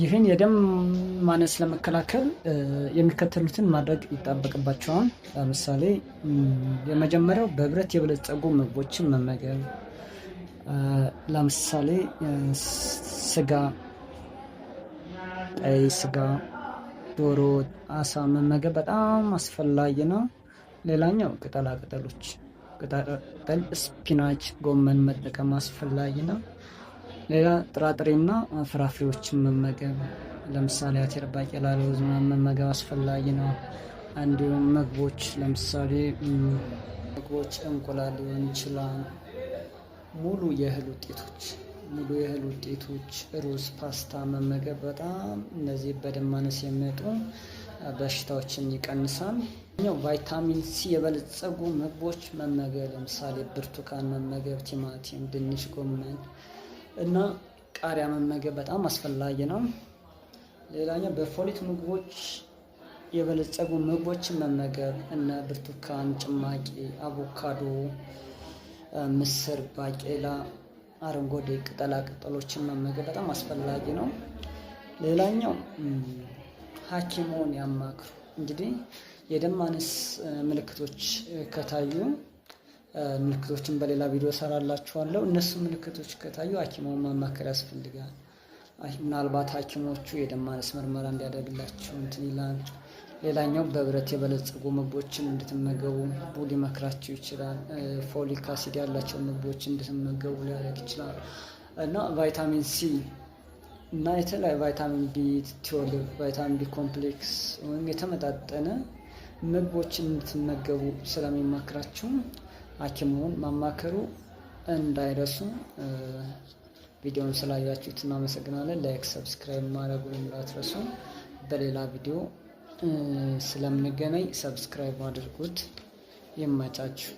ይህን የደም ማነስ ለመከላከል የሚከተሉትን ማድረግ ይጠበቅባቸዋል። ለምሳሌ የመጀመሪያው በብረት የበለጸጉ ምግቦችን መመገብ፣ ለምሳሌ ስጋ፣ ቀይ ስጋ፣ ዶሮ፣ አሳ መመገብ በጣም አስፈላጊ ነው። ሌላኛው ቅጠላ ቅጠሎች፣ ቅጠል፣ ስፒናች፣ ጎመን መጠቀም አስፈላጊ ነው። ሌላ ጥራጥሬና ፍራፍሬዎችን መመገብ ለምሳሌ አተር፣ ባቄላ፣ ለውዝ ምናምን መመገብ አስፈላጊ ነው። እንዲሁም ምግቦች ለምሳሌ ምግቦች እንቁላል ሊሆን ይችላል። ሙሉ የእህል ውጤቶች ሙሉ የእህል ውጤቶች ሩዝ፣ ፓስታ መመገብ በጣም እነዚህ በደም ማነስ የሚመጡ በሽታዎችን ይቀንሳል። ኛው ቫይታሚን ሲ የበለጸጉ ምግቦች መመገብ ለምሳሌ ብርቱካን መመገብ፣ ቲማቲም፣ ድንች፣ ጎመን እና ቃሪያ መመገብ በጣም አስፈላጊ ነው። ሌላኛው በፎሊት ምግቦች የበለጸጉ ምግቦችን መመገብ እነ ብርቱካን ጭማቂ፣ አቮካዶ፣ ምስር፣ ባቄላ፣ አረንጓዴ ቅጠላ ቅጠሎችን መመገብ በጣም አስፈላጊ ነው። ሌላኛው ሐኪሞን ያማክሩ። እንግዲህ የደም ማነስ ምልክቶች ከታዩ ምልክቶችን በሌላ ቪዲዮ ሰራላችኋለሁ። እነሱ ምልክቶች ከታዩ ሐኪሙን ማማከር ያስፈልጋል። ምናልባት ሐኪሞቹ የደም ማነስ ምርመራ እንዲያደርግላቸው እንትን ይላል። ሌላኛው በብረት የበለጸጉ ምግቦችን እንድትመገቡ ቡ ሊመክራቸው ይችላል። ፎሊክ አሲድ ያላቸው ምግቦችን እንድትመገቡ ሊያደርግ ይችላል እና ቫይታሚን ሲ እና የተለያዩ ቫይታሚን ቢ ትወልቭ፣ ቫይታሚን ቢ ኮምፕሌክስ ወይም የተመጣጠነ ምግቦችን እንድትመገቡ ስለሚመክራችሁ ሐኪሙን ማማከሩ እንዳይረሱ። ቪዲዮውን ስላያችሁት እናመሰግናለን። ላይክ፣ ሰብስክራይብ ማድረጉን እንዳትረሱ። በሌላ ቪዲዮ ስለምንገናኝ ሰብስክራይብ አድርጉት። ይመቻችሁ።